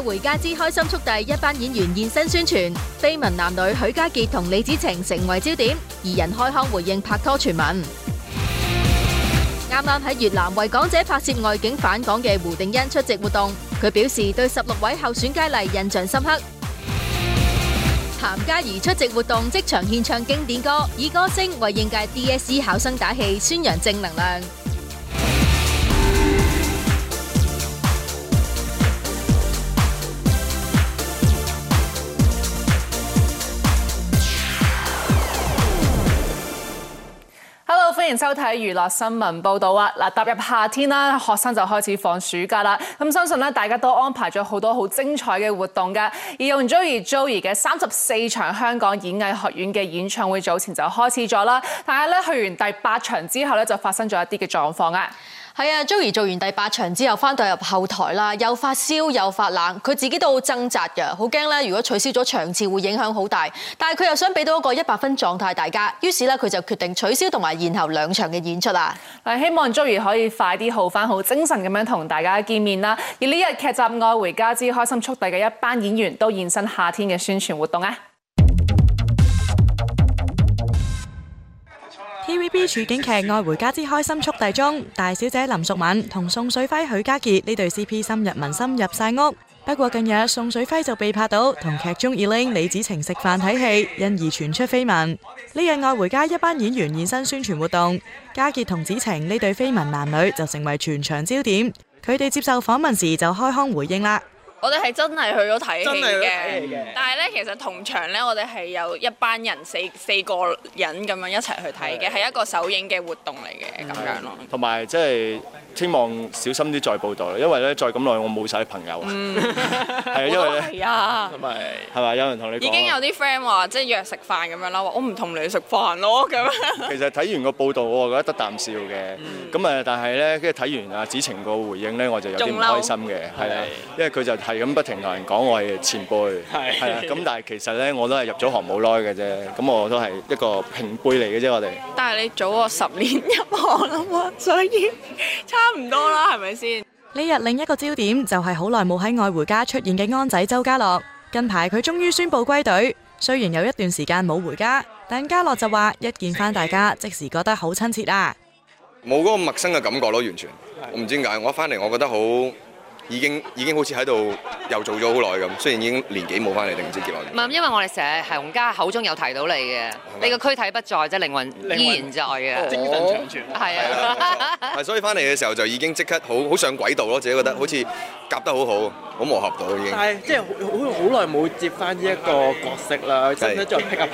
《回家之開心速遞》一班演員現身宣傳，緋聞男女許家傑同李子晴成為焦點，二人開腔回應拍拖傳聞。啱啱喺越南為港姐拍攝外景返港嘅胡定欣出席活動，佢表示對十六位候選佳麗印象深刻。譚嘉怡出席活動，即場獻唱經典歌，以歌聲為應屆 DSE 考生打氣，宣揚正能量。歡迎收睇娛樂新聞報道啊！嗱，踏入夏天啦，學生就開始放暑假啦。咁相信咧，大家都安排咗好多好精彩嘅活動㗎。而用 Joey Joie 嘅三十四場香港演藝學院嘅演唱會早前就開始咗啦，但係咧去完第八場之後咧，就發生咗一啲嘅狀況啊。係啊，Joey 做完第八場之後翻到入後台啦，又發燒又發冷，佢自己都好掙扎噶，好驚咧。如果取消咗場次會影響好大，但係佢又想俾到一個一百分狀態大家，於是咧佢就決定取消同埋延後兩場嘅演出啦。希望 Joey 可以快啲好翻，好精神咁樣同大家見面啦。而呢日劇集《愛回家之開心速遞》嘅一班演員都現身夏天嘅宣傳活動啊。TVB 處境劇《愛回家之開心速遞》中，大小姐林淑敏同宋水輝許家傑呢對 CP 深入民心入晒屋。不過近日宋水輝就被拍到同劇中二 l 李子晴食飯睇戲，因而傳出緋聞。呢日《愛回家》一班演員現身宣傳活動，家傑同子晴呢對緋聞男女就成為全場焦點。佢哋接受訪問時就開腔回應啦。我哋係真係去咗睇戲嘅，但係呢，其實同場呢，我哋係有一班人，四四個人咁樣一齊去睇嘅，係的一個首映嘅活動嚟嘅咁樣咯。同埋即係。希望小心啲再報導，因為咧再咁耐我冇晒朋友。嗯，係啊，咁咪係咪有人同你講？已經有啲 friend 話即係約食飯咁樣啦，話我唔同你食飯咯咁樣。其實睇完個報導我覺得得啖笑嘅，咁誒但係咧跟住睇完阿子晴個回應咧我就有啲唔開心嘅，係啊，因為佢就係咁不停同人講我係前輩，係啊，咁但係其實咧我都係入咗行冇耐嘅啫，咁我都係一個平輩嚟嘅啫，我哋。但係你早我十年入行啊嘛，所以。差唔多啦，係咪先？呢日另一個焦點就係好耐冇喺愛回家出現嘅安仔周家樂。近排佢終於宣佈歸隊，雖然有一段時間冇回家，但家樂就話一見翻大家，即時覺得好親切啊！冇嗰個陌生嘅感覺咯，完全。我唔知點解，我翻嚟我覺得好。已經已經好似喺度又做咗好耐咁，雖然已經年紀冇翻嚟定唔知點解。唔係因為我哋成日行家口中有提到你嘅，你個軀體不在，即係靈魂依然在嘅，精神長存。係啊，係所以翻嚟嘅時候就已經即刻好好上軌道咯，自己覺得好似夾得好好，好磨合到已經。但即係好好耐冇接翻呢一個角色啦，想咧再 p 下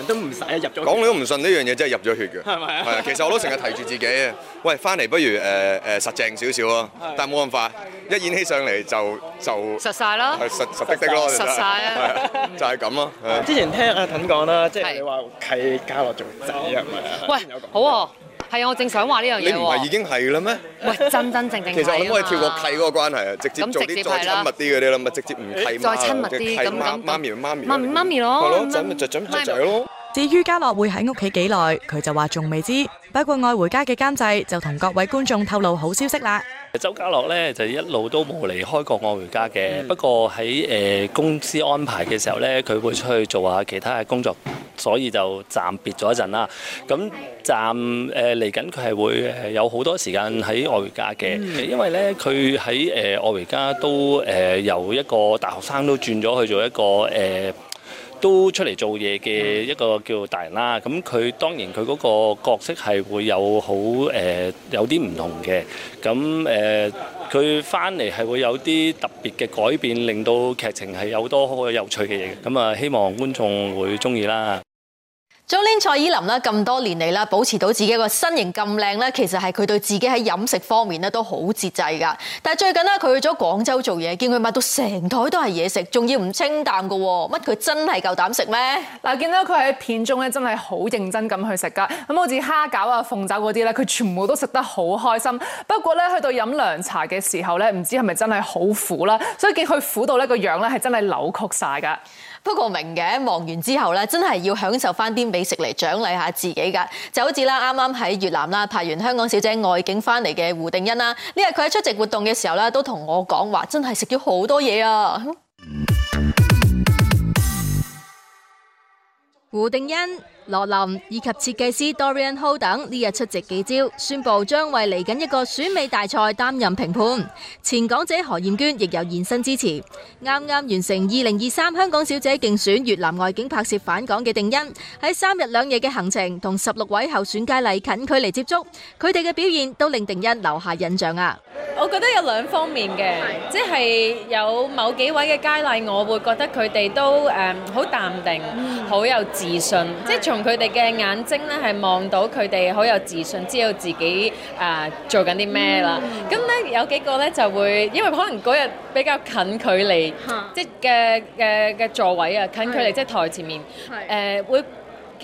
咁都唔使入咗。講你都唔信呢樣嘢，真係入咗血嘅。係咪啊？係啊，其實我都成日提住自己，喂，翻嚟不如誒誒實正少少咯，但係冇咁快。」一演戲上嚟就就實曬咯，係實實的的咯，實曬啊！就係咁咯。之前聽阿騰講啦，即係你話契家樂做仔啊，咪啊。喂，好喎，係啊，我正想話呢樣嘢喎。你唔係已經係啦咩？喂，真真正正。其實我唔可以跳過契嗰個關係啊，直接做啲再親密啲嗰啲咯，咪直接唔契嘛嘅契媽媽咪媽咪。媽咪媽咪咯，咪準備著準備仔咯。至於家樂會喺屋企幾耐，佢就話仲未知。不過愛回家嘅監製就同各位觀眾透露好消息啦。周家樂咧就一路都冇離開過愛回家嘅，不過喺誒公司安排嘅時候咧，佢會出去做下其他嘅工作，所以就暫別咗一陣啦。咁暫誒嚟緊佢係會誒有好多時間喺愛回家嘅，因為咧佢喺誒愛回家都誒由一個大學生都轉咗去做一個誒。都出嚟做嘢嘅一個叫大人啦，咁佢當然佢嗰個角色係會有好誒、呃、有啲唔同嘅，咁誒佢翻嚟係會有啲特別嘅改變，令到劇情係有好多好有趣嘅嘢，咁啊希望觀眾會中意啦。早年蔡依林啦，咁多年嚟啦，保持到自己一個身形咁靚咧，其實係佢對自己喺飲食方面咧都好節制噶。但係最近呢，佢去咗廣州做嘢，見佢買到成袋都係嘢食，仲要唔清淡噶，乜佢真係夠膽食咩？嗱，見到佢喺片中咧，真係好認真咁去食噶。咁好似蝦餃啊、鳳爪嗰啲咧，佢全部都食得好開心。不過咧，去到飲涼茶嘅時候咧，唔知係咪真係好苦啦？所以見佢苦到呢個樣咧，係真係扭曲晒噶。不過明嘅，忙完之後咧，真係要享受翻啲美食嚟獎勵下自己噶，就好似啦，啱啱喺越南啦拍完《香港小姐》外景翻嚟嘅胡定欣啦，呢日佢喺出席活動嘅時候咧，都同我講話，真係食咗好多嘢啊！胡定欣。羅琳以及設計師 Dorian Ho 等呢日出席幾招，宣布將為嚟緊一個選美大賽擔任評判。前港姐何艷娟亦有現身支持。啱啱完成2023香港小姐競選、越南外景拍攝返港嘅定欣，喺三日兩夜嘅行程同十六位候選佳麗近距離接觸，佢哋嘅表現都令定欣留下印象啊！我覺得有兩方面嘅，即係有某幾位嘅佳麗，我會覺得佢哋都誒好淡定，好有自信，即係。同佢哋嘅眼睛咧，係望到佢哋好有自信，知道自己啊、呃、做緊啲咩啦。咁咧、嗯、有幾個咧就會，因為可能嗰日比較近距離，哈即係嘅嘅嘅座位啊，近距離的即係台前面係誒的、呃、會。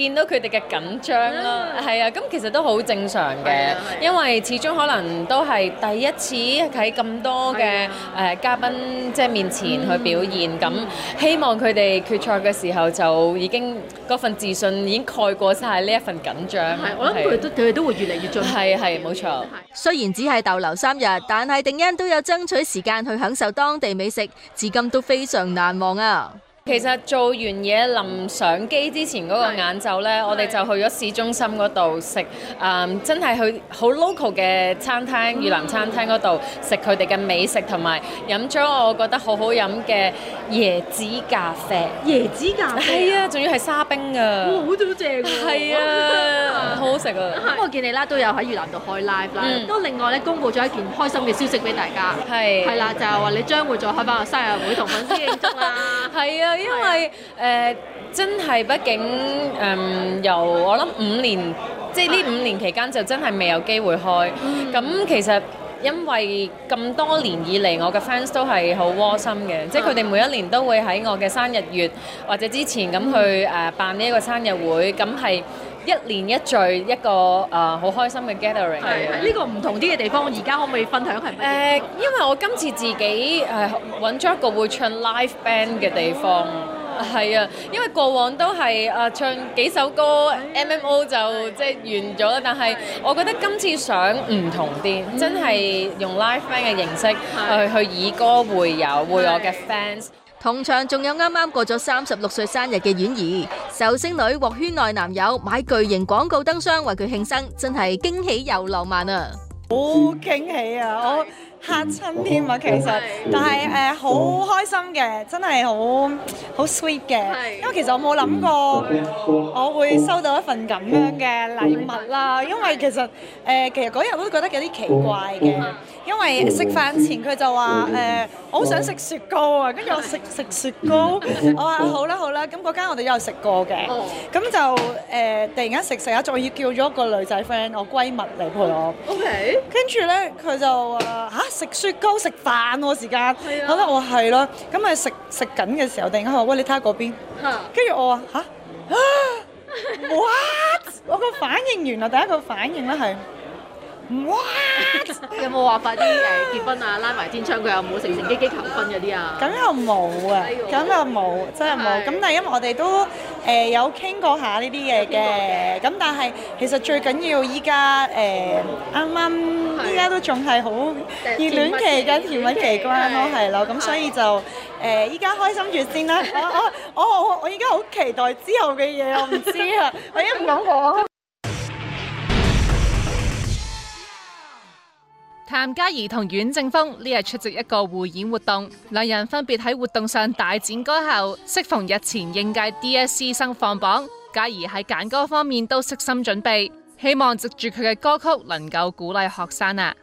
見到佢哋嘅緊張囉，係啊，咁其實都好正常嘅，因為始終可能都係第一次喺咁多嘅誒嘉賓即係面前去表現，咁希望佢哋決賽嘅時候就已經嗰份自信已經蓋過曬呢一份緊張。係，我諗佢哋都佢哋都會越嚟越進。係係冇錯。雖然只係逗留三日，但係定欣都有爭取時間去享受當地美食，至今都非常難忘啊！其實做完嘢臨上機之前嗰個晏晝咧，是我哋就去咗市中心嗰度食，誒是、嗯，真係去好 local 嘅餐廳，越南餐廳嗰度食佢哋嘅美食，同埋飲咗我覺得好好飲嘅椰子咖啡。椰子咖啡？係啊，仲要係沙冰啊！哇，好正啊！係啊， 好好食啊！咁我見你啦，都有喺越南度開 live 啦、嗯。都另外咧，公布咗一件開心嘅消息俾大家。係是。係啦、啊，就係話你將會再開翻個生日會同粉絲慶祝啦。係 啊。係，因為誒真係，畢竟誒由我諗五年，即係呢五年期間就真係未有機會開。咁其實因為咁多年以嚟，我嘅 fans 都係好窩心嘅，即係佢哋每一年都會喺我嘅生日月或者之前咁去誒辦呢一個生日會，咁係。一年一聚一個、呃、ing, 的啊，好開心嘅 gathering。係係呢個唔同啲嘅地方，我而家可唔可以分享係乜嘢？因為我今次自己誒揾咗一個會唱 live band 嘅地方。係啊、哦，因為過往都係啊、呃、唱幾首歌、哎、呀，M M O 就即係完咗啦。但係我覺得今次想唔同啲，嗯、真係用 live band 嘅形式、嗯呃、去去以歌會友，會我嘅 fans。同場仲有啱啱過咗三十六歲生日嘅婉儀，壽星女獲圈內男友買巨型廣告燈箱為佢慶生，真係驚喜又浪漫啊！好驚喜啊！好吓親添啊，其實但係誒好開心嘅，真係好好 sweet 嘅，因為其實我冇諗過我會收到一份咁樣嘅禮物啦，因為其實誒、呃、其實嗰日我都覺得有啲奇怪嘅。因為食飯前佢就話誒，我好想食雪糕啊，跟住我食食雪糕，我話好啦好啦，咁嗰間我哋又食過嘅，咁就誒，突然間食食下，仲要叫咗個女仔 friend，我閨蜜嚟陪我，OK，跟住咧佢就話嚇食雪糕食飯喎時間，咁咧我話係咯，咁咪食食緊嘅時候，突然間話喂，你睇下嗰邊，跟住我話嚇，what？我個反應原來第一個反應咧係哇！有冇話快啲誒結婚啊？拉埋天窗，佢有冇成成機機求婚嗰啲啊？咁又冇啊！咁又冇，真係冇。咁但係因為我哋都誒有傾過下呢啲嘢嘅，咁但係其實最緊要依家誒啱啱依家都仲係好熱戀期嘅甜蜜期間咯，係囉。咁所以就誒依家開心住先啦。我我我我依家好期待之後嘅嘢，我唔知啊，我依家唔敢講。譚嘉儀同阮正峰呢日出席一個匯演活動，兩人分別喺活動上大展歌喉。適逢日前應屆 DSE 生放榜，嘉儀喺揀歌方面都悉心準備，希望藉住佢嘅歌曲能夠鼓勵學生啊。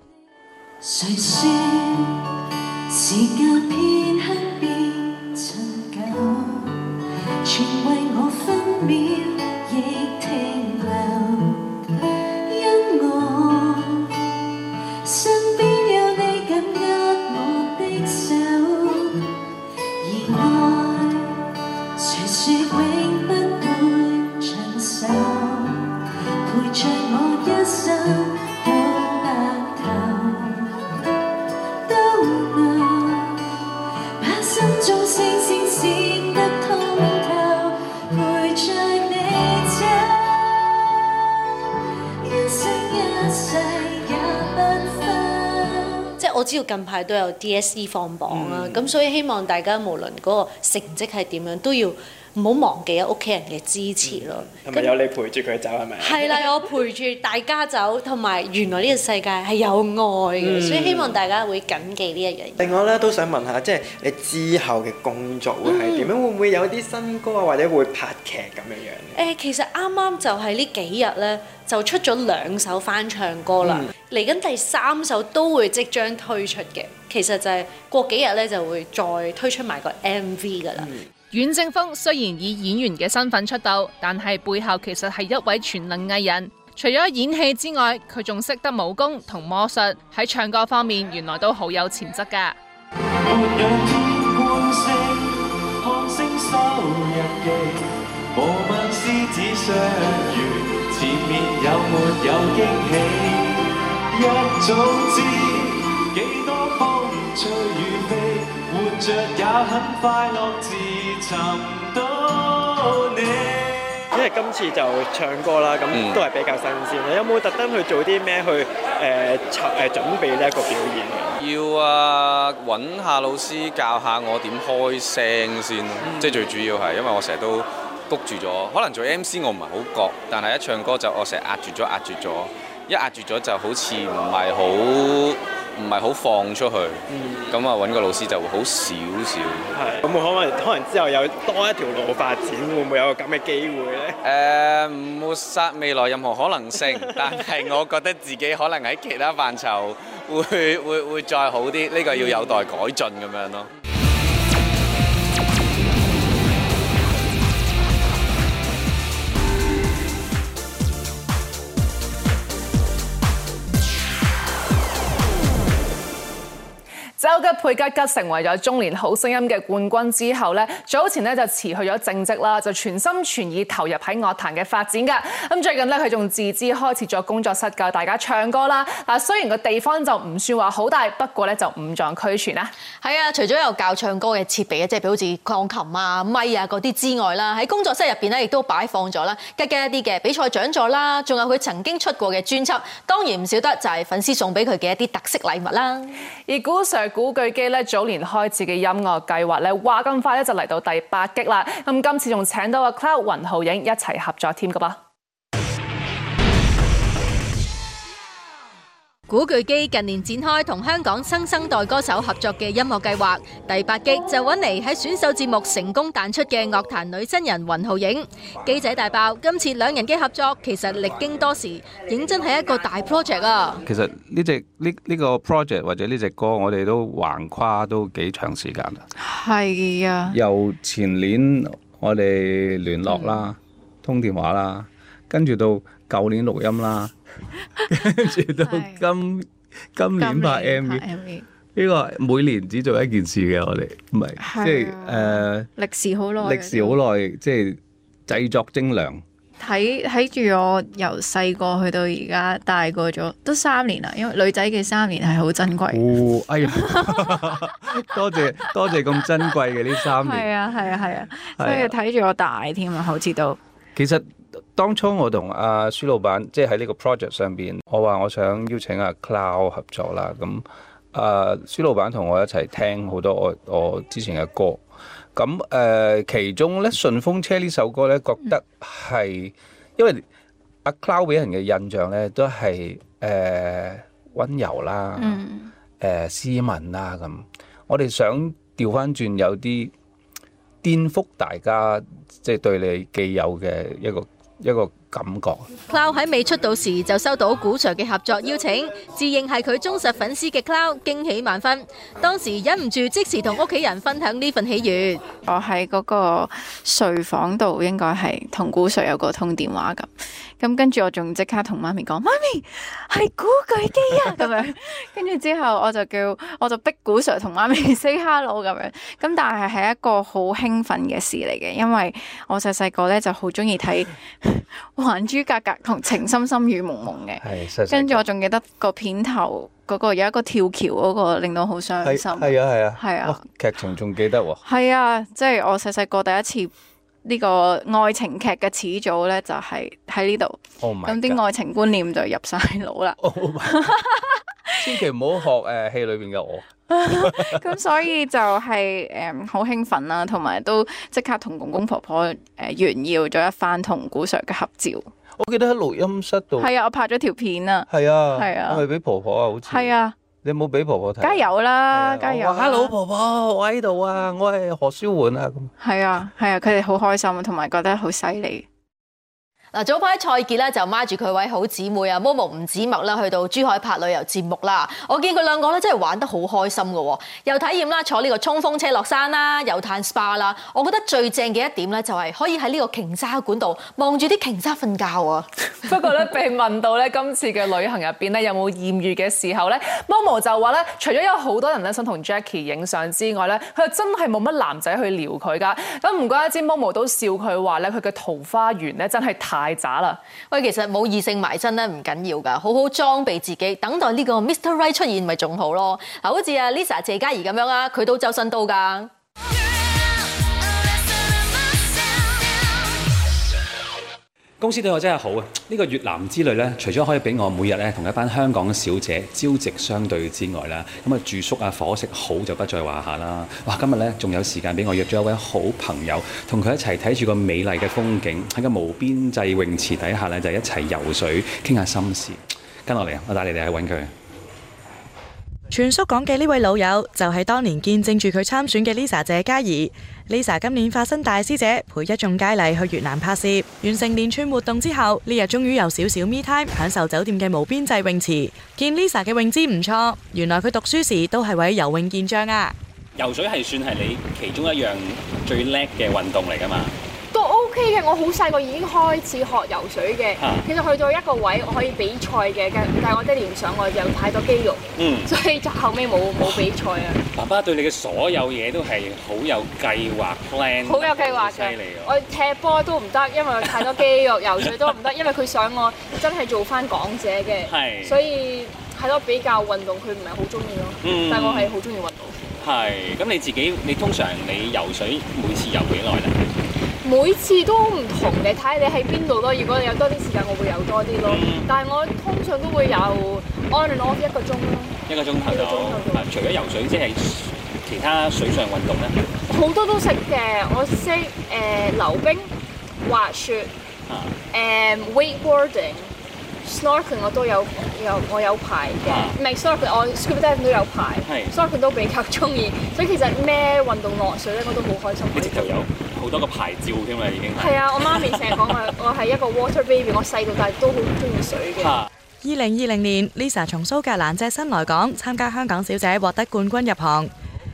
知道近排都有 DSE 放榜啦、啊，咁、嗯、所以希望大家無論嗰個成績係點樣、嗯、都要。唔好忘記啊！屋企人嘅支持咯，係咪、嗯、有你陪住佢走係咪？係啦那，我陪住大家走，同埋 原來呢個世界係有愛嘅，嗯、所以希望大家會謹記呢一樣嘢。另外咧，都想問下，即、就、係、是、你之後嘅工作會係點樣？嗯、會唔會有啲新歌啊，或者會拍劇咁樣樣咧、欸？其實啱啱就係呢幾日咧，就出咗兩首翻唱歌啦，嚟緊、嗯、第三首都會即將推出嘅。其實就係過幾日咧，就會再推出埋個 MV 噶啦。嗯阮正峰雖然以演員嘅身份出道，但係背後其實係一位全能藝人。除咗演戲之外，佢仲識得武功同魔術。喺唱歌方面，原來都好有潛質㗎。 着也很快樂自尋到你。因為今次就唱歌啦，咁都係比較新鮮。你、嗯、有冇特登去做啲咩去誒，誒、呃呃、準備呢一個表演？要啊，揾下老師教下我點開聲先，嗯、即係最主要係，因為我成日都谷住咗。可能做 MC 我唔係好覺，但係一唱歌就我成日壓住咗，壓住咗，一壓住咗就好似唔係好。唔係好放出去，咁啊揾個老師就會好少少。係，咁會可能可能之後有多一條路發展，會唔會有個咁嘅機會咧？誒、呃，唔抹殺未來任何可能性， 但係我覺得自己可能喺其他範疇會會會再好啲，呢、呢個要有待改進咁樣咯。嗯周吉佩吉吉成為咗中年好聲音嘅冠軍之後咧，早前咧就辭去咗正職啦，就全心全意投入喺樂壇嘅發展噶咁最近呢，佢仲自資開設咗工作室教大家唱歌啦。嗱，雖然個地方就唔算話好大，不過咧就五臟俱全啦。係啊，除咗有教唱歌嘅設備啊，即係比如好似鋼琴啊、咪啊嗰啲之外啦，喺工作室入邊咧亦都擺放咗啦吉吉一啲嘅比賽獎座啦，仲有佢曾經出過嘅專輯，當然唔少得就係粉絲送俾佢嘅一啲特色禮物啦。而古尚。古巨基咧早年開始嘅音樂計劃咧，哇咁快咧就嚟到第八擊啦！咁今次仲請到個 Cloud 雲浩影一齊合作添噶噃。古巨基近年展開同香港新生代歌手合作嘅音樂計劃，第八輯就揾嚟喺選秀節目成功彈出嘅樂壇女新人雲浩影。記者大爆，今次兩人嘅合作其實歷經多時，認真係一個大 project 啊！其實呢隻呢呢個 project 或者呢隻歌，我哋都橫跨都幾長時間啦。係啊，由前年我哋聯絡啦，通電話啦，跟住到舊年錄音啦。跟住 到今 今年拍 MV，呢個每年只做一件事嘅我哋，唔係、啊、即係誒，歷、uh，史好耐，歷史好耐，即係製作精良。睇睇住我由細個去到而家大個咗，都三年啦。因為女仔嘅三年係好珍貴，哦。哎呀， 多謝多謝咁珍貴嘅呢三年。係啊係啊係啊，所以睇住我大添啊，好似都 其實。當初我同阿、啊、舒老闆即係喺呢個 project 上邊，我話我想邀請阿、啊、Cloud 合作啦。咁，誒，舒老闆同我一齊聽好多我我之前嘅歌。咁誒、啊，其中咧順風車呢首歌咧，覺得係因為阿、啊、Cloud 俾人嘅印象咧，都係誒溫柔啦，誒、嗯呃、斯文啦。咁，我哋想調返轉有啲顛覆大家即係、就是、對你既有嘅一個。一個。感覺。Cloud 喺未出道時就收到古 Sir 嘅合作邀請，自認係佢忠實粉絲嘅 Cloud 驚喜萬分。當時忍唔住即時同屋企人分享呢份喜悅。我喺嗰個睡房度，應該係同古 Sir 有個通電話咁。咁跟住我仲即刻同媽咪講：媽咪係古巨基啊！咁樣跟住之後，我就叫我就逼古 Sir 同媽咪 say hello 咁樣。咁但係係一個好興奮嘅事嚟嘅，因為我細細個咧就好中意睇。《還珠格格》同《情深深雨濛濛》嘅，跟住我仲記得個片頭嗰個有一個跳橋嗰個，令到好傷心。係啊，係啊，係啊，啊劇情仲記得喎。係啊，即係、啊就是、我細細個第一次。呢個愛情劇嘅始祖咧，就係喺呢度。咁啲、oh、愛情觀念就入晒腦啦、 oh。千祈唔好學誒、呃、戲裏邊嘅我。咁 所以就係誒好興奮啦，同埋都即刻同公公婆婆誒炫耀咗一番同古 Sir 嘅合照。我記得喺錄音室度。係啊，我拍咗條片啊。係啊，係啊，係俾婆婆啊，好似。係啊。你冇俾婆婆睇？梗係有啦，梗係有。Hello，婆婆，我喺度啊，我係何書桓啊。咁係啊，係啊，佢哋好開心，啊，同埋覺得好犀利。嗱，早排蔡潔咧就孖住佢位好姊妹啊，MoMo 吳子墨啦，去到珠海拍旅遊節目啦。我見佢兩個咧真係玩得好開心㗎喎，又體驗啦坐呢個衝鋒車落山啦，又歎 SPA 啦。我覺得最正嘅一點咧就係可以喺呢個鯨鯊館度望住啲鯨鯊瞓覺啊。 不過咧被問到咧今次嘅旅行入邊咧有冇艷遇嘅時候咧，MoMo 就話咧除咗有好多人咧想同 Jackie 影相之外咧，佢真係冇乜男仔去撩佢噶。咁唔怪得之 MoMo 都笑佢話咧佢嘅桃花源咧真係太渣啦！喂，其實冇異性埋身咧唔緊要噶，好好裝備自己，等待呢個 Mr. Right 出現咪仲好咯。嗱，好似阿 Lisa、謝嘉怡咁樣啊，佢都周身刀噶。公司對我真係好啊！呢個越南之旅呢，除咗可以俾我每日呢同一班香港小姐朝夕相對之外啦，咁啊住宿啊伙食好就不在話下啦。哇！今日呢，仲有時間俾我約咗一位好朋友，同佢一齊睇住個美麗嘅風景，喺個無邊際泳池底下呢，就一齊游水傾下心事。跟落嚟，我帶你哋去揾佢。全叔講嘅呢位老友就係當年見證住佢參選嘅 Lisa 謝嘉怡。Lisa 今年化身大師姐，陪一眾佳麗去越南拍攝，完成連串活動之後，呢日終於有少少 me time，享受酒店嘅無邊際泳池。見 Lisa 嘅泳姿唔錯，原來佢讀書時都係位游泳健將啊！游水係算係你其中一樣最叻嘅運動嚟㗎嘛？我好細個已經開始學游水嘅，啊、其實去到一個位我可以比賽嘅，但但我爹哋唔想我有太多肌肉，嗯、所以就後尾冇冇比賽啦。爸爸對你嘅所有嘢都係好有計劃 plan，好有計劃嘅。我踢波都唔得，因為太多肌肉； 游水都唔得，因為佢想我真係做翻港姐嘅。是所以係咯，比較運動佢唔係好中意咯，嗯、但係我係好中意運動。係咁，你自己你通常你游水每次游幾耐咧？每次都唔同嘅，睇下你喺邊度咯。如果你有多啲時間，我會游多啲咯。嗯、但係我通常都會游 on and off 一個鐘咯。一個鐘頭就，除咗游水，即係其他水上運動咧，好多都識嘅。我識誒溜冰、滑雪、誒 weightboarding snorkeling 我都有有，我有牌嘅。唔係 snorkeling，我 scuba diving 都有牌，snorkeling 都比較中意，所以其實咩運動落水咧我都好開心。你直頭有好多個牌照添啊已經。係 啊，我媽咪成日講我，我係一個 water baby，我細個就係都好中意水嘅。二零二零年，Lisa 從蘇格蘭隻身來港參加香港小姐，獲得冠軍入行。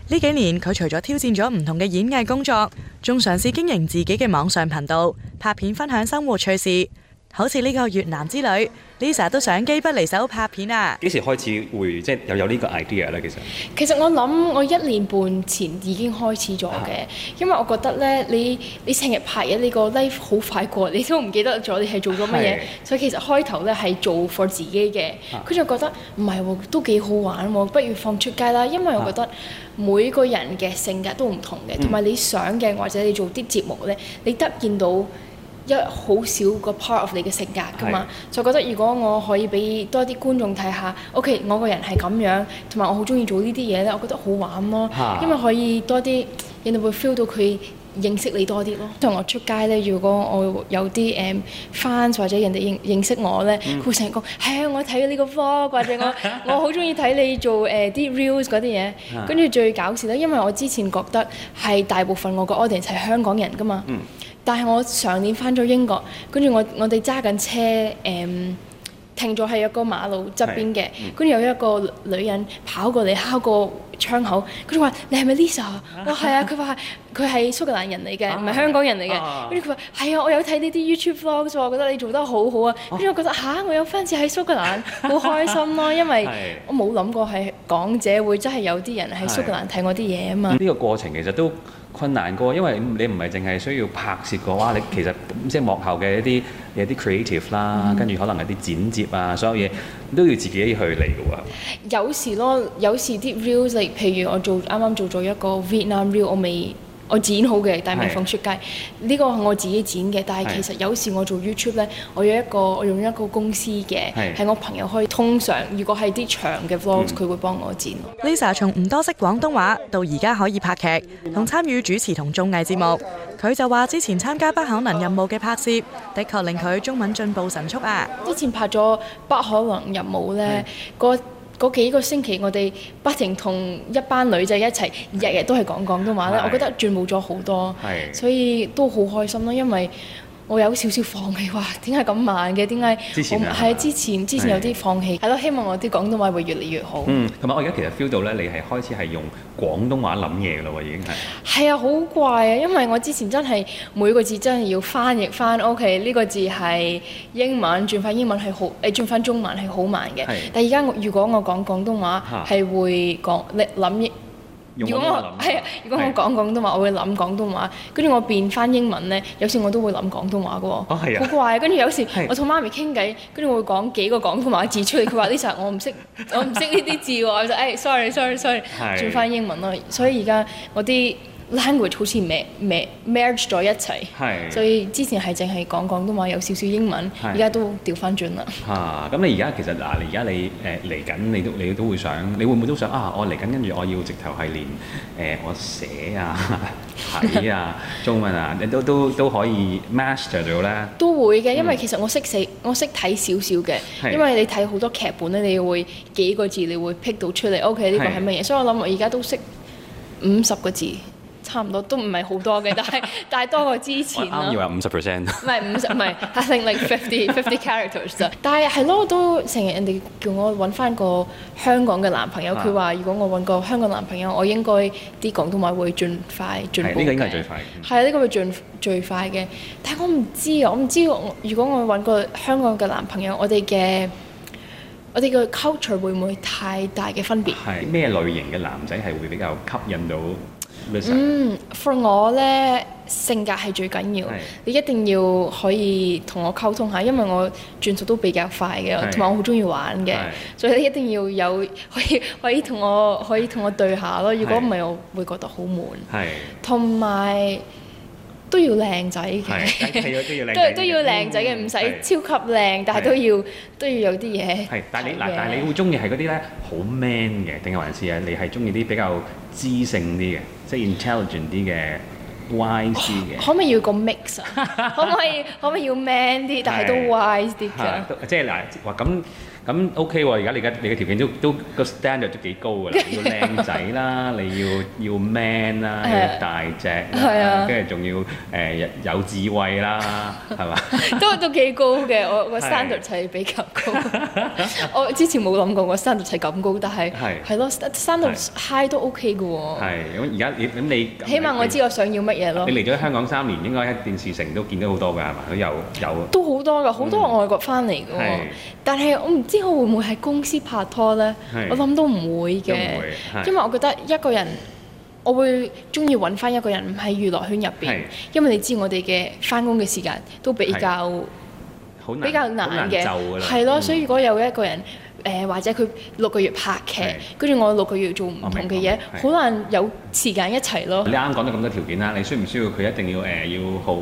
呢幾年佢除咗挑戰咗唔同嘅演藝工作，仲嘗試經營自己嘅網上頻道拍片分享生活趣事。好似呢個越南之旅，Lisa 都相機不離手拍片啊！幾時開始會即係又有個呢個 idea 咧？其實其實我諗我一年半前已經開始咗嘅，啊、因為我覺得咧，你你成日拍嘢，你個 life 好快過，你都唔記得咗你係做咗乜嘢，是所以其實開頭咧係做 for 自己嘅，佢、啊、就覺得唔係喎，都幾好玩喎、哦，不如放出街啦，因為我覺得每個人嘅性格都唔同嘅，同埋、啊、你想嘅或者你做啲節目咧，你得見到。一好少個 part of 你嘅性格噶嘛，就是覺得如果我可以俾多啲觀眾睇下，OK，我個人係咁樣，同埋我好中意做呢啲嘢咧，我覺得好玩咯， 因為可以多啲人哋會 feel 到佢認識你多啲咯。同我出街咧，如果我有啲誒、um, fans 或者人哋認認識我咧，嗯、佢會成日講係啊、哎！我睇呢個 vlog，或者我 我好中意睇你做誒啲 reels 嗰啲嘢。跟、uh, 住、嗯、最搞笑咧，因為我之前覺得係大部分我個 audience 係香港人噶嘛。 但係我上年翻咗英國，跟住我我哋揸緊車，誒、嗯、停咗喺一個馬路側邊嘅，跟住是有一個女人跑過嚟敲個窗口，佢就話：嗯、你係咪 Lisa？我係啊，佢話係，佢係蘇格蘭人嚟嘅，唔係香港人嚟嘅。跟住佢話：係啊，我有睇呢啲 YouTube vlog，所以、啊、覺得你做得好好啊。跟住、啊、我覺得吓、啊，我有 fans 喺蘇格蘭，好開心咯、啊，因為我冇諗過係港姐會真係有啲人喺蘇格蘭睇我啲嘢啊嘛。呢個過程其實都，嗯嗯嗯嗯困難過，因為你唔係淨係需要拍攝嘅話，你其實即幕後嘅一啲有啲 creative 啦，跟住可能係啲剪接啊，所有嘢、嗯、都要自己去嚟嘅喎。有時咯，有時啲 reels，譬如我做啱啱做咗一個 Vietnam reel，我未。我剪好嘅，但係未放出街。呢是個係我自己剪嘅。但係其實有時我做 YouTube 呢，我有一個我用一個公司嘅，係是我朋友可以，通常如果係啲長嘅 vlog，佢會幫我剪。Lisa 從唔多識廣東話到而家可以拍劇，同參與主持同綜藝節目，佢就話之前參加《不可能任務》嘅拍攝，的確令佢中文進步神速啊！之前拍咗《不可能任務》呢。嗰幾個星期，我哋不停同一班女仔一齊，日日都係講廣東話啦。的我覺得進步咗好多，的所以都好開心咯，因為，我有少少放棄，哇！點解咁慢嘅？點解我係之前，嗎之，前之前有啲放棄，係咯的？希望我啲廣東話會越嚟越好。嗯，同埋我而家其實 feel 到咧，你係開始係用廣東話諗嘢噶嘞喎，已經係。係啊，好怪啊！因為我之前真係每個字真係要翻譯翻，OK，呢個字係英文轉翻英文係好，誒轉翻中文係好慢嘅。係的。但而家如果我講廣東話，係哈會講你諗如果，如果我係啊，的如果我講廣東話，的我會諗廣東話，跟住我變翻英文咧，有時我都會諗廣東話嘅喎，好、哦、怪啊！跟住有時的我同媽咪傾偈，跟住我會講幾個廣東話字出嚟，佢話呢啲實我唔識， 我唔識呢啲字喎，我就誒、哎，sorry sorry sorry，轉翻的英文咯，所以而家我啲。language 好似 merge merge merge 咗一齊，Hey. 所以之前係淨係講講啫嘛，有少少英文，而家 Hey. 都調翻轉啦。嚇、啊！咁你而家其實嗱、啊，你而家你誒嚟緊，呃、你都你都會想，你會唔會都想啊？我嚟緊，跟住我要直頭係練誒、呃，我寫啊、睇啊、中文啊， 你都都都可以 master 咗咧。都會嘅，因為其實我識寫，嗯、我識睇少少嘅，因為你睇好多劇本咧，你會幾個字你會 pick 到出嚟，OK 呢個係乜嘢，所以 Hey. Hey.、so、我諗我而家都識五十個字。差唔多都唔係好多嘅，但係 但係多過之前啦、啊。我以為五十 percent，唔係五十，唔係係剩零 fifty characters 但係係咯，我都成日人哋叫我揾翻個香港嘅男朋友。佢話、啊，如果我揾個香港男朋友，啊、我應該啲廣東話會盡快進步。呢、呢個應該係最快。係啊，呢、呢個會盡最快嘅。但係我唔知啊，我唔知如果我揾個香港嘅男朋友，我哋嘅我哋嘅 culture 會唔會太大嘅分別？係咩類型嘅男仔係會比較吸引到？嗯，for 我咧性格係最緊要，的你一定要可以同我溝通下，因為我轉速都比較快嘅，同埋的我好中意玩嘅，的所以你一定要有可以可以同我可以同我對下咯。如果唔係，我會覺得好悶。係的，同埋都要靚仔嘅，都要靚仔嘅，唔使超級靚，但係都要的都要有啲嘢。係，但係你嗱，但係你會中意係嗰啲咧好 man 嘅，定係還是係你係中意啲比較知性啲嘅？即係 intelligent 啲嘅 wise 嘅，可唔可以要個 mix 啊？ 可唔可以可唔可以要 man 啲，但係都 wise 啲嘅？即係嗱，話咁。咁 OK 喎，而家你嘅你嘅條件都都個 standard 都幾高嘅，你要靚仔啦，你要要 man 啦，要大隻，跟住仲要誒有智慧啦，係嘛？都都幾高嘅，我個 standard 係比較高。我之前冇諗過個 standard 係咁高，但係係咯，standard high 都 OK 嘅喎。係咁，而家咁你起碼我知我想要乜嘢咯。你嚟咗香港三年，應該喺電視城都見到好多㗎，係嘛？都有有都好多㗎，好多外國翻嚟㗎，但係我唔。之後會唔會喺公司拍拖咧？的我諗都唔會嘅，會因為我覺得一個人，我會中意揾翻一個人唔喺娛樂圈入邊，的因為你知我哋嘅翻工嘅時間都比較比較難嘅，係咯，的嗯、所以如果有一個人。誒、呃、或者佢六個月拍劇，跟住的我六個月做唔同嘅嘢，好難有時間一齊咯。你啱講咗咁多條件啦，你需唔需要佢一定要誒、呃、要好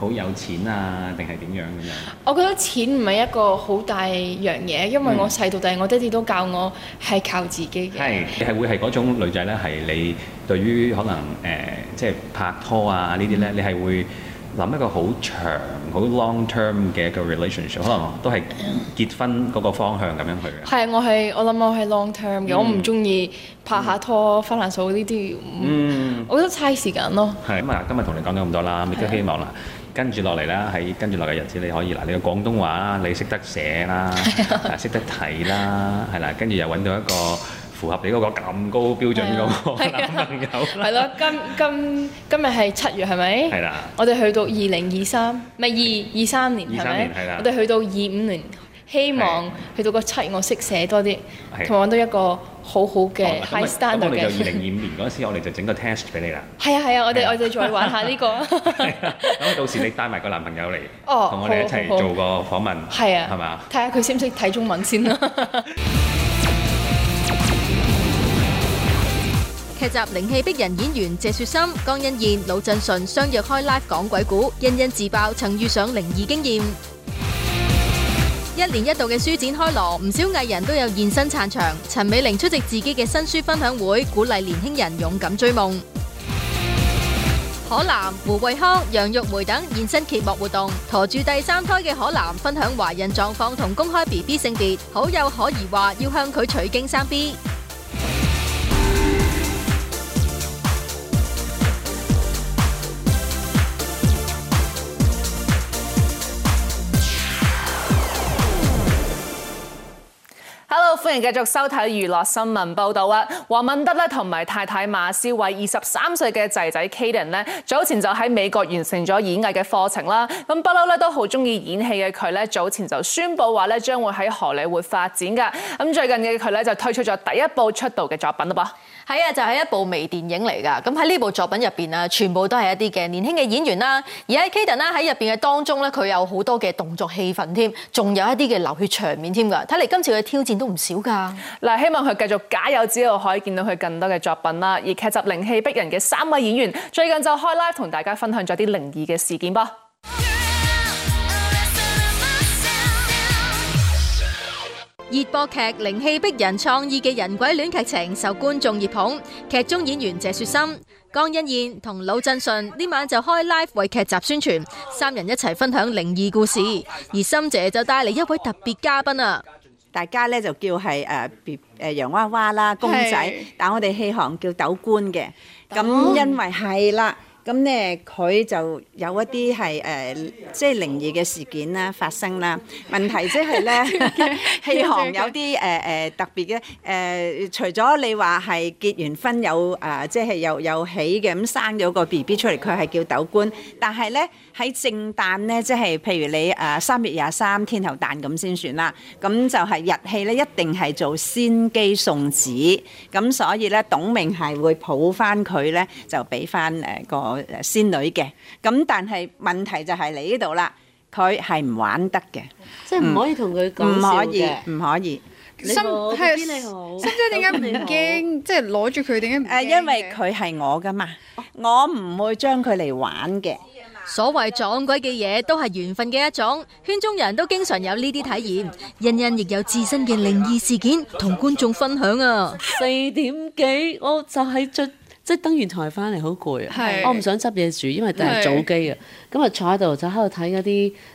好有錢啊，定係點樣咁樣？我覺得錢唔係一個好大樣嘢，因為我細到大，但係我爹哋都教我係靠自己嘅。係你係會係嗰種女仔咧？係你對於可能誒、呃、即係拍拖啊呢啲咧，嗯、你係會？諗一個好長、好 long term 嘅一個 relationship，可能都係結婚嗰個方向咁樣去。係，我係我諗我係 long term 嘅，我唔中意拍下拖、分下數呢啲。嗯，我覺得差時間咯。係咁啊，今日同你講咗咁多啦，亦都希望啦，跟住落嚟咧，喺跟住落嚟嘅日子，你可以嗱，你嘅廣東話啦，你識得寫啦，識得睇啦，係啦，跟住又揾到一個，符合你嗰個咁高標準嗰個男朋友，係咯？今今今日係七月係咪？係啦。我哋去到二零二三，唔係二二三年係咪？二三年係啦。我哋去到二五年，希望去到個七月，我識寫多啲，同埋揾到一個好好嘅 high standard。咁我哋就二零二五年嗰陣時，我哋就整個 test 俾你啦。係啊係啊，我哋我哋再玩下呢個。咁到時你帶埋個男朋友嚟，同我哋一齊做個訪問，係啊，係嘛？睇下佢識唔識睇中文先啦。劇集靈氣逼人，演員謝雪心、江欣燕、魯振順相約開 live 講鬼故，欣欣自爆曾遇上靈異經驗。 一年一度嘅書展開鑼，唔少藝人都有現身撐場。陳美玲出席自己嘅新書分享會，鼓勵年輕人勇敢追夢。 柯南、胡慧康、楊玉梅等現身揭幕活動。陀住第三胎嘅柯南分享懷孕狀況，同公開 B B 性別，好友可疑話要向佢取經生 B。歡迎繼續收睇娛樂新聞報道啊！黃敏德咧同埋太太馬思偉，二十三歲嘅仔仔 Kaden 咧，早前就喺美國完成咗演藝嘅課程啦。咁不嬲咧都好中意演戲嘅佢咧，早前就宣布話咧將會喺荷里活發展噶。咁、嗯、最近嘅佢咧就推出咗第一部出道嘅作品啦噃。係啊，就係、是、一部微電影嚟噶。咁喺呢部作品入邊啊，全部都係一啲嘅年輕嘅演員啦。而喺 Kayden 啦喺入邊嘅當中咧，佢有好多嘅動作戲份添，仲有一啲嘅流血場面添噶。睇嚟今次嘅挑戰都唔少噶。嗱，希望佢繼續加油，之後可以見到佢更多嘅作品啦。而劇集《靈氣逼人》嘅三位演員，最近就開 live 同大家分享咗啲靈異嘅事件噃。熱播劇靈氣逼人、創意嘅人鬼戀劇情受觀眾熱捧，劇中演員謝雪心、江欣燕同魯振順呢晚就開 live 為劇集宣傳，三人一齊分享靈異故事，而心姐就帶嚟一位特別嘉賓啊！大家呢就叫係誒，誒，洋娃娃啦，公仔，但我哋戲行叫斗官嘅，咁因為係啦。咁咧，佢、嗯、就有一啲係誒，即、呃、係、就是、靈異嘅事件啦，發生啦。問題即係咧，戲行 有啲誒誒特別嘅誒、呃，除咗你話係結完婚有啊，即係又有喜嘅咁生咗個 B B 出嚟，佢係叫豆官，但係咧。喺正誕咧，即係譬如你誒三月廿三天后誕咁先算啦。咁、嗯、就係、是、日戲咧，一定係做仙姬送子。咁、嗯、所以咧，董明係會抱翻佢咧，就俾翻誒個仙女嘅。咁、嗯、但係問題就係你呢度啦，佢係唔玩得嘅，即係唔可以同佢講笑嘅，唔可以，唔可以。心姐你好，你好心，心姐點解唔驚？ 即係攞住佢點解唔驚？誒，因為佢係我噶嘛，我唔會將佢嚟玩嘅。所謂撞鬼嘅嘢都係緣分嘅一種，圈中人都經常有呢啲體驗，欣欣亦有自身嘅靈異事件同、啊、觀眾分享啊！四點幾，我就喺即係登完台翻嚟，好攰啊！我唔想執嘢住，因為第日早機啊，咁啊坐喺度就喺度睇嗰啲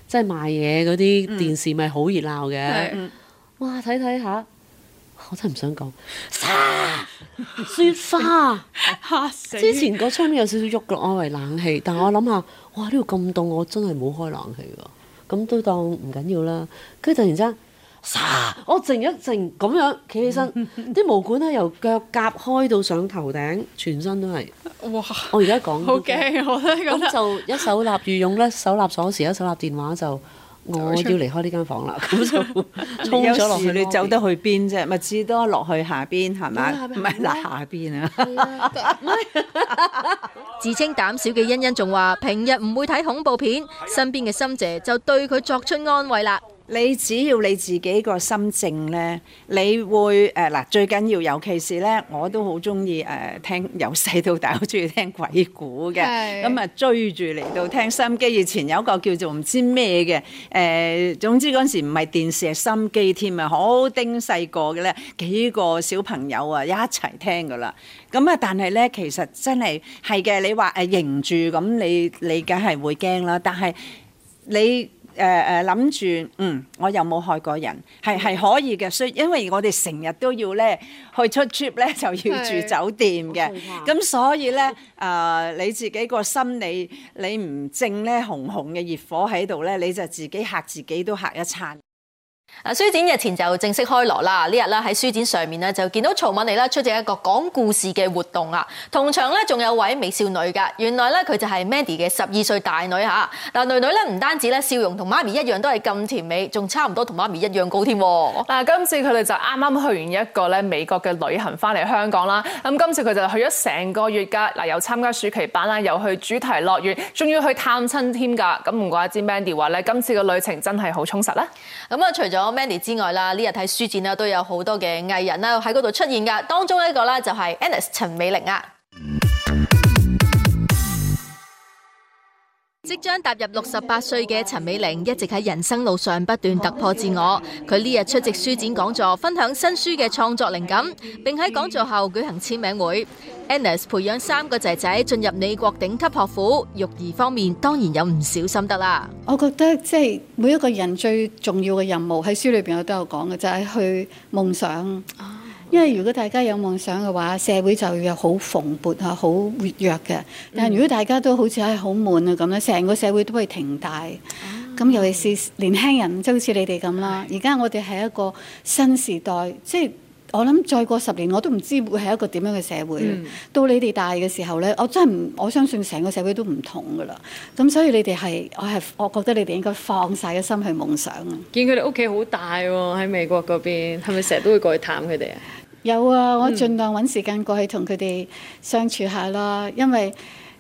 即係賣嘢嗰啲電視，咪好熱鬧嘅。哇，睇睇下，我真係唔想講。雪花，嚇死！之前個窗邊有少少喐嘅，我以為冷氣，但我諗下。哇！呢度咁凍，我真係冇開冷氣喎。咁都當唔緊要啦。跟住突然之間， 我靜一靜，咁樣企起身，啲 毛管咧由腳夾開到上頭頂，全身都係。哇！我而家講，好驚，我都咁。咁就一手攬羽絨咧，手攬鎖匙，一手攬電話就。我要離開呢間房啦，咁就衝咗落去。有時你走得去邊啫？咪至 多落去下邊係咪？唔係嗱下邊啊！ 自稱膽小嘅欣欣仲話平日唔會睇恐怖片，身邊嘅心姐就對佢作出安慰啦。你只要你自己個心靜咧，你會誒嗱、呃、最緊要，尤其是咧，我都好中意誒聽，由細到大好中意聽鬼故嘅，咁啊是追住嚟到聽心機。以前有一個叫做唔知咩嘅誒，總之嗰陣時唔係電視係心機添啊，好丁細個嘅咧，幾個小朋友啊一齊聽㗎啦。咁啊，但係咧其實真係係嘅，你話誒認住咁，你你梗係會驚啦。但係你。誒誒諗住，嗯，我有冇害過人？係係可以嘅。所以因為我哋成日都要咧去出 trip 咧，就要住酒店嘅。咁的所以咧，誒、呃、你自己個心理你唔正咧，紅紅嘅熱火喺度咧，你就自己嚇自己都嚇一餐。啊！書展日前就正式開鑼啦。呢日啦喺書展上面咧就見到曹敏莉啦，出席一個講故事嘅活動啊。同場咧仲有位美少女噶，原來咧佢就係 Mandy 嘅十二歲大女吓。嗱，女女咧唔單止咧笑容同媽咪一樣，都係咁甜美，仲差唔多同媽咪一樣高添。嗱，今次佢哋就啱啱去完一個咧美國嘅旅行翻嚟香港啦。咁今次佢就去咗成個月噶，嗱，又參加暑期班啦，又去主題樂園，仲要去探親添噶。咁唔怪之 Mandy 話咧，今次嘅旅程真係好充實啦。咁啊，除咗除咗 Mandy 之外啦，呢日睇書展啦，都有好多嘅藝人啦喺嗰度出現噶。當中一個呢就係 Agnes 陳美玲啊。即將踏入六十八歲嘅陳美玲，一直喺人生路上不斷突破自我。佢呢日出席書展講座，分享新書嘅創作靈感，並喺講座後舉行簽名會。 Agnes 培養三個仔仔進入美國頂級學府，育兒方面當然有唔少心得啦。我覺得即係、就是、每一個人最重要嘅任務，喺書裏邊我都有講嘅，就係、是、去夢想。因為如果大家有夢想嘅話，社會就會好蓬勃嚇、好活躍嘅。但係如果大家都好似係好悶啊咁咧，成個社會都會停滯。咁、哦、尤其是年輕人，即係好似你哋咁啦。而家對我哋係一個新時代，即係我諗再過十年我都唔知會係一個點樣嘅社會。嗯、到你哋大嘅時候呢，我真係唔我相信成個社會都唔同㗎啦。咁所以你哋係我係，我覺得你哋應該放晒個心去夢想啊。見佢哋屋企好大喎、哦，喺美國嗰邊係咪成日都會過去探佢哋啊？有啊，嗯、我盡量揾時間過去同佢哋相處下啦，因為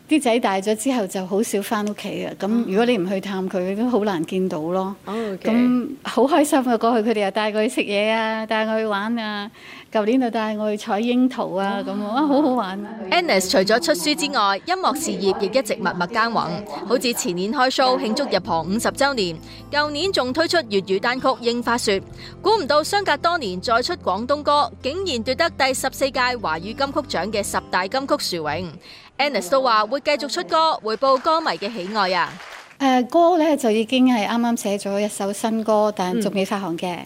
啲仔大咗之後就好少翻屋企啊。咁、嗯、如果你唔去探佢，都好難見到咯。咁好、哦 okay 嗯、開心啊，過去佢哋又帶佢去食嘢啊，帶佢去玩啊。舊年就帶我去採櫻桃啊，咁啊好好玩啊！Anne 除咗出書之外，音樂事業亦一直默默耕耘。好似前年開 show 慶祝入行五十週年，舊年仲推出粵語單曲《櫻花雪》，估唔到相隔多年再出廣東歌，竟然奪得第十四屆華語金曲獎嘅十大金曲殊榮。Anne 都話會繼續出歌回報歌迷嘅喜愛啊！誒歌咧就已經係啱啱寫咗一首新歌，但係仲未發行嘅。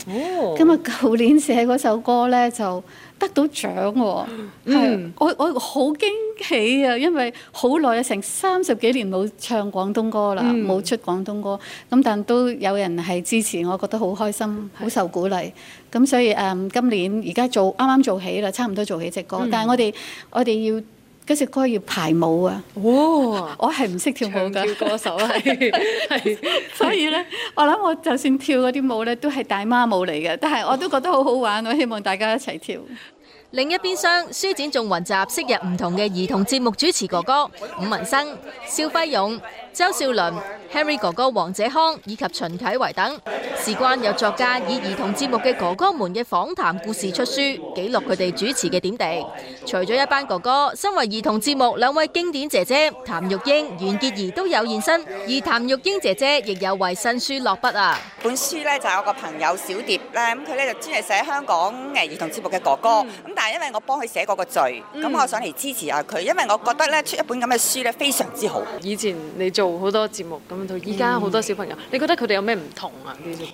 咁啊，舊年寫嗰首歌咧就得到獎喎，係我我好驚喜啊！因為好耐啊，成三十幾年冇唱廣東歌啦，冇出廣東歌。咁但都有人係支持，我覺得好開心，好受鼓勵。咁所以誒，今年而家做啱啱做起啦，差唔多做起隻歌，但係我哋我哋要。嗰隻歌要排舞啊！哦、我係唔識跳舞噶，唱跳歌手係 是， 所以咧， 我諗我就算跳嗰啲舞咧，都係大媽舞嚟嘅。但係我都覺得好好玩，我希望大家一齊跳。哦、另一邊廂書展仲雲集，昔日唔同嘅兒童節目主持哥哥，伍文生、蕭輝勇。周少麟、Henry 哥哥、王者康以及秦啟維等，事關有作家以兒童節目嘅哥哥們嘅訪談故事出書，記錄佢哋主持嘅點滴。除咗一班哥哥，身為兒童節目兩位經典姐姐譚玉英、袁潔儀都有現身，而譚玉英姐姐亦有為新書落筆啊。本書咧就係我個朋友小蝶咧，咁佢咧就專係寫香港誒兒童節目嘅哥哥，咁但係因為我幫佢寫過個序，咁我想嚟支持下佢，因為我覺得咧出一本咁嘅書咧非常之好。以前你做？做好多節目咁樣，到依家好多小朋友，嗯、你覺得佢哋有咩唔同啊？啲小朋友，誒、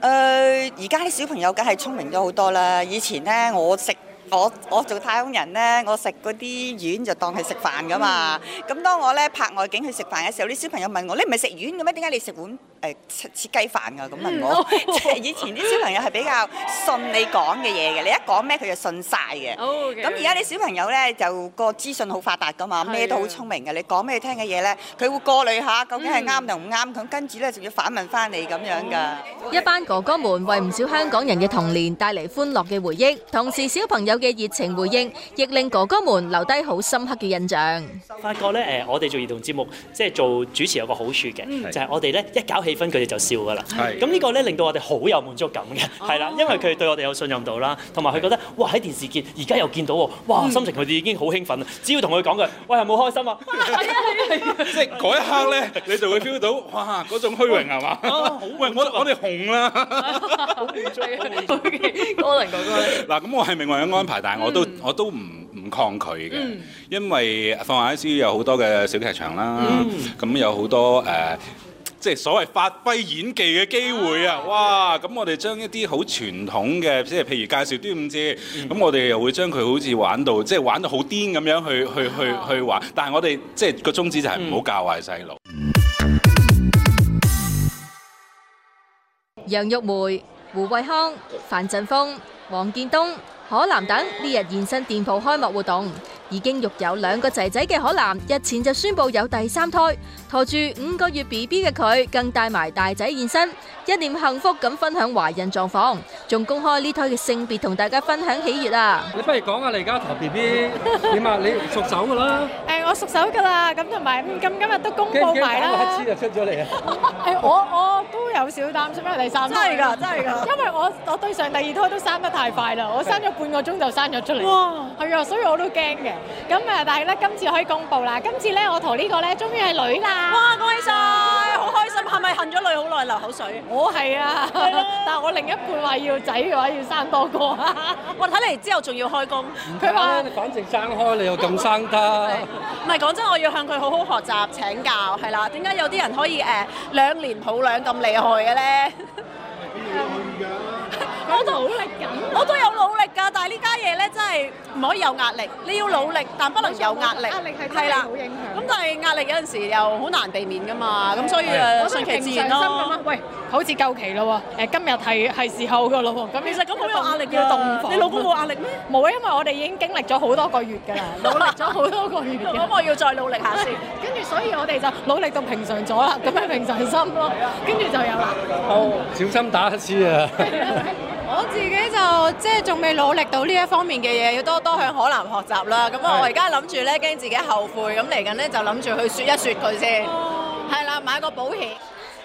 呃，而家啲小朋友梗係聰明咗好多啦！以前咧，我食。我我做太空人咧，我食嗰啲丸就當係食飯噶嘛。咁當我咧拍外景去食飯嘅時候，啲小朋友問我：你唔係食丸嘅咩？點解你食碗誒切雞飯㗎？咁問我。即係以前啲小朋友係比較信你講嘅嘢嘅，你一講咩佢就信曬嘅。咁而家啲小朋友咧就個資訊好發達㗎嘛，咩都好聰明嘅。你講咩聽嘅嘢咧，佢會過濾下究竟係啱定唔啱。咁跟住咧仲要反問翻你咁樣㗎。一班哥哥們為唔少香港人嘅童年帶嚟歡樂嘅回憶，同時小朋友嘅熱情回應，亦令哥哥們留低好深刻嘅印象。發覺咧誒，我哋做兒童節目，即係做主持有個好處嘅，就係我哋咧一搞氣氛，佢哋就笑噶啦。咁呢個咧令到我哋好有滿足感嘅，係啦，因為佢哋對我哋有信任度啦，同埋佢覺得哇喺電視見，而家又見到喎，哇心情佢哋已經好興奮啦。只要同佢講嘅，喂有冇開心啊？即係嗰一刻咧，你就會 feel 到哇嗰種虛榮係嘛？喂我我哋紅啦！哥林哥哥，嗱咁我係明為嘅安但我都、嗯、我都唔唔抗拒嘅，嗯、因為放學 ICU 有好多嘅小劇場啦，咁、嗯、有好多誒、uh，哎呀，即係所謂發揮演技嘅機會啊！哇，咁我哋將一啲好傳統嘅，即係譬如介紹端午節，咁、嗯、我哋又會將佢好似玩到，嗯、即係玩到好癲咁樣去、嗯、去去去玩，但係我哋即係個宗旨就係唔好教壞細路。嗯、楊玉梅、胡慧康、范振峰、王建東。可南等呢日現身店鋪開幕活動，已經育有兩個仔仔嘅可南，日前就宣布有第三胎。托住五個月 B B 嘅佢，更帶埋大仔現身，一臉幸福咁分享懷孕狀況，仲公開呢胎嘅性別同大家分享喜悅啊！你不如講下你而家同 B B，點呀？你熟手噶啦？誒，我熟手噶啦，咁同埋咁今日都公佈埋啦。驚驚，講一次就出咗嚟啊！我我都有少擔心，因為第三胎真係㗎，真係㗎，因為我我對上第二胎都生得太快啦，我生咗半個鐘就生咗出嚟。哇，係啊，所以我都驚嘅。咁啊，但係咧，今次可以公佈啦。今次咧，我同呢個咧，終於係女啦。哇，講起曬好開心，係咪 恨咗女好耐流口水？我係啊，的 但係我另一半話要仔嘅話要生多個啊。 我睇嚟之後仲要開工。唔得行，佢話你反正生開，你又咁生得。唔係， 講真，我要向佢好好學習請教，係啦，點解有啲人可以誒、呃、兩年抱兩咁厲害嘅咧？ 嗯我都努力緊，我都有努力㗎，但係呢家嘢咧真係唔可以有壓力。你要努力，但不能有壓力。壓力係太有好影響。咁但係壓力有陣時又好難避免㗎嘛，咁所以誒，我順其自然咯。喂，好似夠期啦喎，誒今日係係時候㗎咯喎，咁其實咁冇用壓力㗎，你老公冇壓力咩？冇，因為我哋已經經歷咗好多個月㗎啦，努力咗好多個月。咁我要再努力下先。跟住所以我哋就努力到平常咗啦，咁樣平常心咯。跟住就有啦。好，小心打一針啊！我自己就即係仲未努力到呢一方面嘅嘢，要多多向海南學習啦。咁我而家諗住呢，驚自己後悔，咁嚟緊呢，就諗住去說一說佢先喇。係喇，買個保險。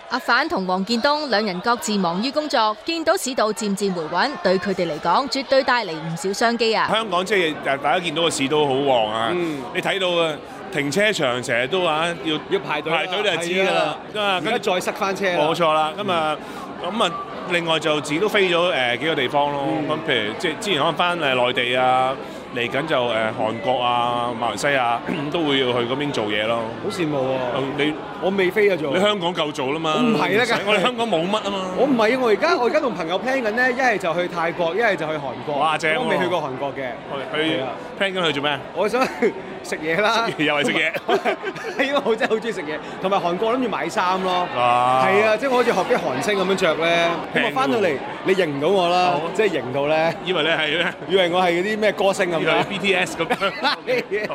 阿反同黃建東兩人各自忙於工作，見到市道漸漸回穩，對佢哋嚟講絕對帶嚟唔少商機呀。香港即係大家見到個市道好旺呀，你睇到停車場成日都話要排隊呀，排隊就知㗎。咁再塞番車，冇錯啦咁另外就自己都飛咗誒、呃、幾個地方咯，咁譬、嗯、如即係之前可能返誒內地啊，嚟緊就誒、呃、韓國啊、馬來西亞都會要去嗰邊做嘢咯。好羨慕啊！呃、你我未飛啊，做？你香港夠做啦嘛？唔係啦，我哋香港冇乜啊嘛。我唔係啊，我而家我而家同朋友 plan 緊咧，一係就去泰國，一係就去韓國。哇！正、啊、我未去過韓國嘅。我去的去 plan 緊去做咩？我想。食嘢啦，又係食嘢，因為我真係好中意食嘢。同埋韓國諗住買衫咯，係啊，即係我好似學啲韓星咁樣著咧。咁啊，翻到嚟你認唔到我啦，即係認到咧，以為你係咧，以為我係嗰啲咩歌星咁樣，BTS 咁樣。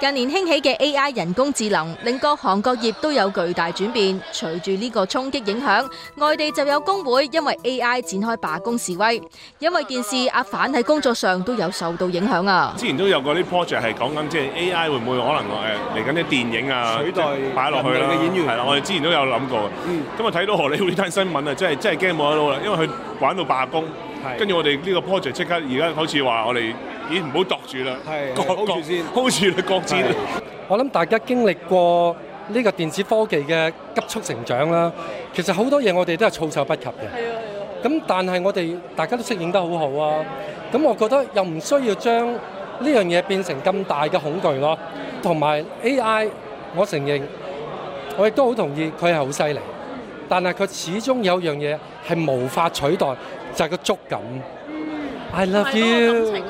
近年興起嘅 AI 人工智能令各行各業都有巨大轉變，隨住呢個衝擊影響，外地就有工會因為 AI 展開罷工示威。因為件事，阿反喺工作上都有受到影響啊。之前都有過啲 project 係講緊即係。AI 會唔會可能誒嚟緊啲電影啊，取代擺落去啦演員？係啦，我哋之前都有諗過。咁啊，睇到荷里活呢單新聞啊，真係真係驚冇得撈啦，因為佢玩到罷工。跟住我哋呢個 project 即刻而家好似話，我哋咦唔好度住啦，擱住先，擱住啦，擱住啦。我諗大家經歷過呢個電子科技嘅急速成長啦，其實好多嘢我哋都係措手不及嘅。係啊係啊。咁但係我哋大家都適應得好好啊。咁我覺得又唔需要將呢樣嘢變成咁大嘅恐懼咯，同埋 AI，我承認，我亦都好同意佢係好犀利，但係佢始終有樣嘢係無法取代，就係個觸感。I love you。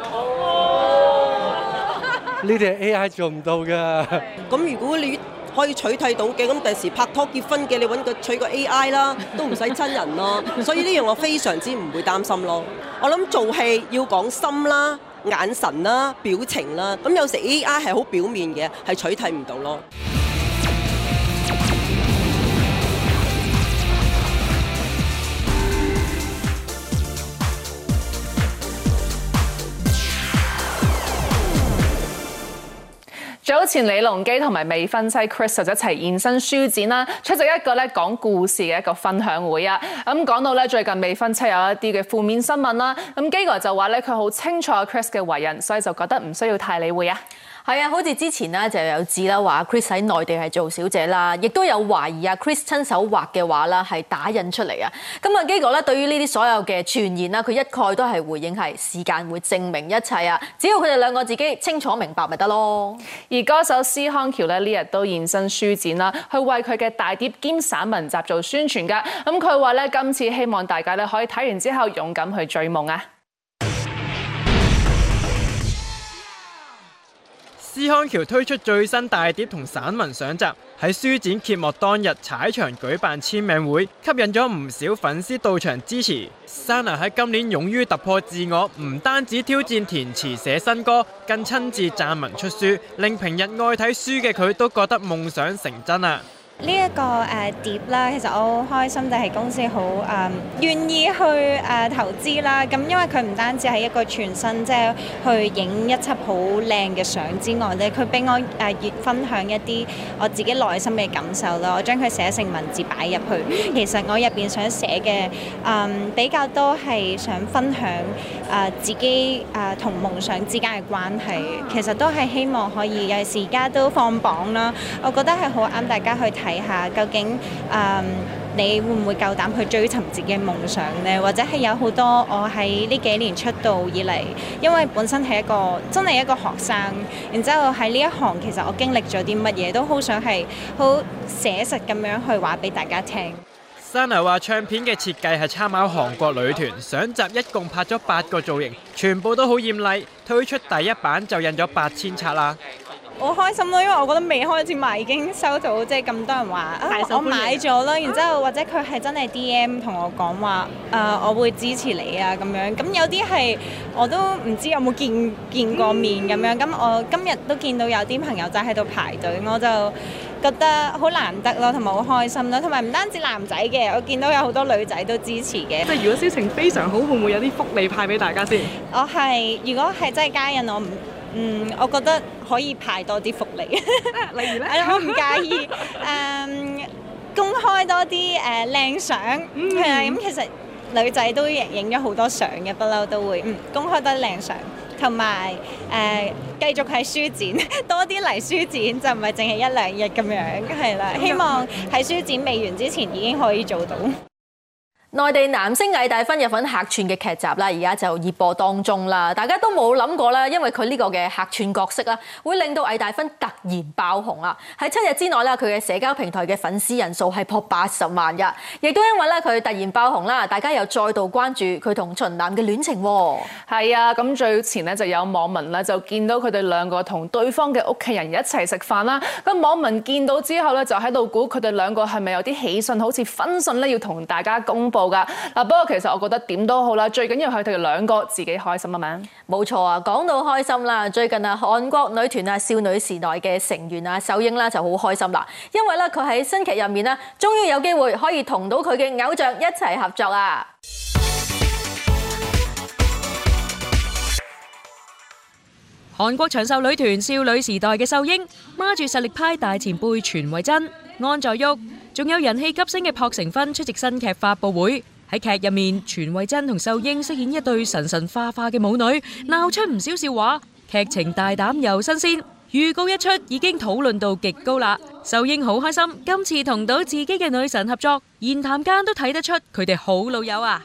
呢啲係 AI 做唔到㗎。咁如果你可以取替到嘅，咁第時拍拖結婚嘅，你揾個取個 AI 啦，都唔使親人咯。所以呢樣我非常之唔會擔心咯。我諗做戲要講心啦。眼神啦、啊、表情啦、啊，咁有時 AI 係好表面嘅，係取替唔到咯。早前李龍基同埋未婚妻 Chris 就一齊現身書展啦，出席一個咧講故事嘅一個分享會啊。咁講到咧最近未婚妻有一啲嘅負面新聞啦，咁基哥就話咧佢好清楚 Chris 嘅為人，所以就覺得唔需要太理會啊。係啊，好似之前咧就有指啦，話 Chris 喺內地係做小姐啦，亦都有懷疑阿 Chris 親手畫嘅畫啦係打印出嚟啊。咁啊，基哥咧對於呢啲所有嘅傳言啦，佢一概都係回應係時間會證明一切啊。只要佢哋兩個自己清楚明白咪得咯。而歌手司康橋咧呢日都現身書展啦，去為佢嘅大碟兼散文集做宣傳噶。咁佢話咧今次希望大家咧可以睇完之後勇敢去追夢啊。思康橋推出最新大碟同散文上集，喺書展揭幕當日踩場舉辦簽名會，吸引咗唔少粉絲到場支持。莎娜喺今年勇於突破自我，唔單止挑戰填詞寫新歌，更親自撰文出書，令平日愛睇書嘅佢都覺得夢想成真啦、啊！呢一個誒碟啦，其實我好開心，就係公司好誒願意去誒、uh, 投資啦。咁因為佢唔單止係一個全新，即係去影一輯好靚嘅相之外咧，佢俾我誒越、uh, 分享一啲我自己內心嘅感受咯。我將佢寫成文字擺入去，其實我入邊想寫嘅誒比較多係想分享誒、uh, 自己誒同夢想之間嘅關係，其實都係希望可以有時而家都放榜啦，我覺得係好啱大家去睇。睇下究竟，嗯，你會唔會夠膽去追尋自己嘅夢想咧？或者係有好多我喺呢幾年出道以嚟，因為本身係一個真係一個學生，然之後喺呢一行，其實我經歷咗啲乜嘢，都好想係好寫實咁樣去話俾大家聽。Sana 話唱片嘅設計係參考韓國女團，上集一共拍咗八個造型，全部都好艷麗，推出第一版就印咗八千冊啦。好開心咯，因為我覺得未開始賣已經收到即係咁多人話啊，我買咗啦。然之後或者佢係真係 DM 同我講話，誒、呃、我會支持你啊咁樣。咁有啲係我都唔知有冇見見過面咁樣。咁我今日都見到有啲朋友仔喺度排隊，我就覺得好難得咯，同埋好開心咯。同埋唔單止男仔嘅，我見到有好多女仔都支持嘅。即係如果銷情非常好，會唔會有啲福利派俾大家先？我係如果係真係家人，我唔。嗯，我覺得可以派多啲福利，例如咧，我唔介意誒公開多啲誒、呃、靚相，係啊、mm，咁、hmm。嗯、其實女仔都影咗好多相嘅，不嬲都會嗯公開多啲靚相，同埋誒繼續喺書展多啲嚟書展，就唔係淨係一兩日咁樣，係啦，希望喺書展未完之前已經可以做到。內地男星魏大勳有份客串嘅劇集啦，而家就熱播當中啦。大家都冇諗過啦，因為佢呢個嘅客串角色啦，會令到魏大勳突然爆紅啊！喺七日之內啦，佢嘅社交平台嘅粉絲人數係破八十萬日，亦都因為咧佢突然爆紅啦，大家又再度關注佢同秦嵐嘅戀情喎。係啊，咁最前呢就有網民咧就見到佢哋兩個同對方嘅屋企人一齊食飯啦。咁網民見到之後咧就喺度估佢哋兩個係咪有啲喜訊，好似婚訊咧要同大家公佈。冇噶嗱，不過其實我覺得點都好啦，最緊要係佢哋兩個自己開心啊嘛。冇錯啊，講到開心啦，最近啊，韓國女團啊少女時代嘅成員啊秀英啦就好開心啦，因為咧佢喺新劇入面咧，終於有機會可以同到佢嘅偶像一齊合作啊！韓國長壽女團少女時代嘅秀英，孖住實力派大前輩全惠珍、安在旭，仲有人氣急升嘅朴成勳出席新劇發佈會，喺劇入面全惠珍同秀英飾演一對神神化化嘅母女，鬧出唔少笑話。劇情大膽又新鮮，預告一出已經討論度極高啦。秀英好開心，今次同到自己嘅女神合作，言談間都睇得出佢哋好老友啊。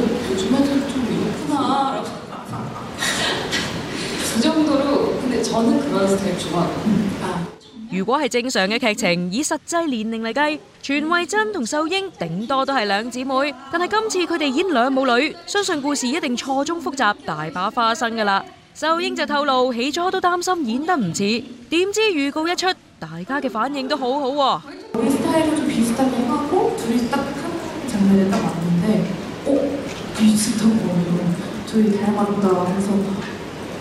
如果係正常嘅劇情，以實際年齡嚟計，全慧珍同秀英頂多都係兩姊妹，但係今次佢哋演兩母女，相信故事一定錯綜複雜，大把花生㗎喇。秀英就透露，起初都擔心演得唔似，點知預告一出，大家嘅反應都好好喎。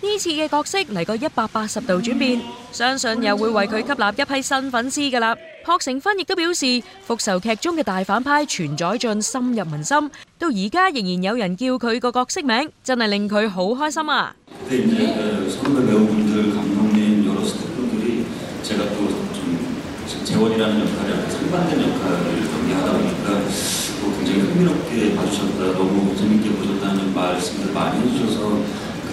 呢次嘅角色嚟個一百八十度轉變，相信又會為佢吸納一批新粉絲㗎啦。朴成焄亦都表示，復仇劇中嘅大反派全載進深入民心，到而家仍然有人叫佢個角色名，真係令佢好開心啊！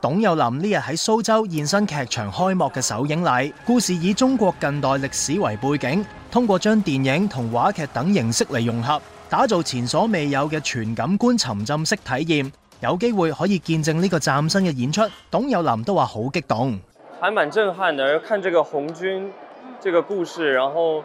董又霖呢日喺蘇州現身劇場開幕嘅首映禮，故事以中國近代歷史為背景，通過將電影同話劇等形式嚟融合，打造前所未有嘅全感官沉浸式體驗。有機會可以見證呢個嶄新嘅演出，董又霖都話好激動，係蠻震撼嘅，看這個紅軍，這個故事，然後。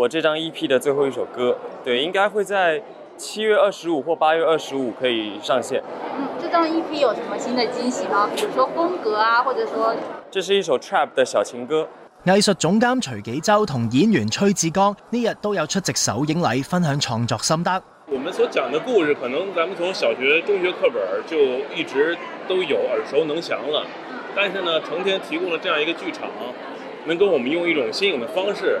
我這張 EP 的最後一首歌，對，應該會在七月二十五或八月二十五可以上線。嗯，這張 EP 有什麼新的驚喜嗎？比如說風格啊，或者說……這是一首 Trap 的小情歌。藝術總監徐紀周同演員崔志剛呢日都有出席首映禮，分享創作心得。 我們所講的故事，可能咱們從小學、中學課本就一直都有耳熟能詳了，但是呢，成天提供了這樣一個劇場，能夠我們用一種新穎的方式。